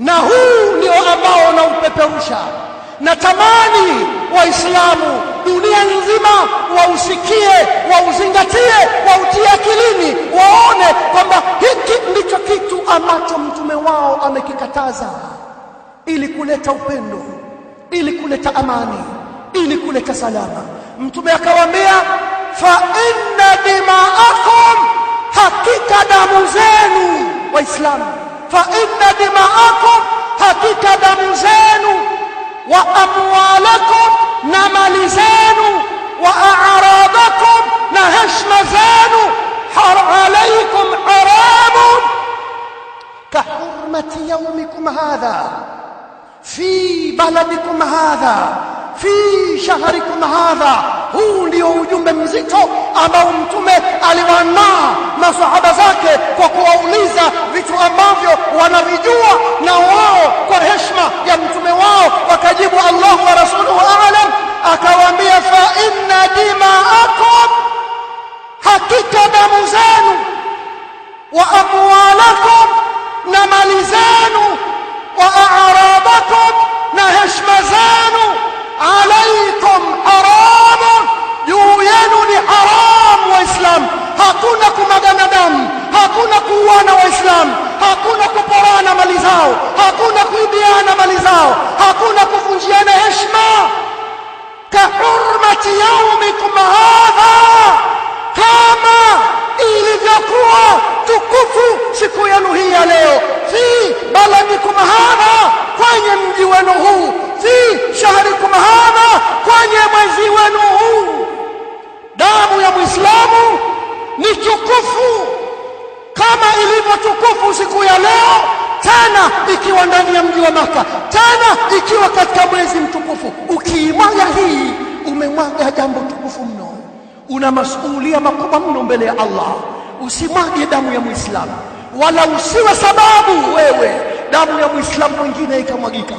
na huu ndio ambao unaupeperusha. Natamani Waislamu dunia nzima wausikie, wauzingatie, wautie akilini, waone kwamba hiki ndicho kitu ambacho mtume wao amekikataza, ili kuleta upendo, ili kuleta amani, ili kuleta salama. Mtume akawaambia, fa inna dimaakum, hakika damu zenu Waislamu فإن دماءكم هكيك دمزان وأموالكم نملزان وأعراضكم نهشمزان حر عليكم عرام كحرمة يومكم هذا في بلدكم هذا في شهركم هذا هو ليو جمب مزيتو أمام تمت ألوانا ما صحب زاد hakika damu zenu wa amwalakum na mali zenu wa aarabakum na heshima zenu alaikum haram juu yenu ni haramu waislamu hakuna kumagana damu hakuna kuuana waislamu hakuna kuporana mali zao hakuna kuibiana mali zao hakuna kuvunjiana heshima ka hurmati yaumikum haa kuwa tukufu siku yenu hii ya leo, fi baladikum hadha, kwenye mji wenu huu, fi shahrikum hadha, kwenye mwezi wenu huu. Damu ya mwislamu ni tukufu kama ilivyo tukufu siku ya leo, tena ikiwa ndani ya mji wa Maka, tena ikiwa katika mwezi mtukufu. Ukiimwaga hii, umemwaga jambo tukufu mno, una masuulia makubwa mno mbele ya Allah usimwage damu ya Muislamu, wala usiwe sababu wewe damu ya Muislamu mwingine ikamwagika.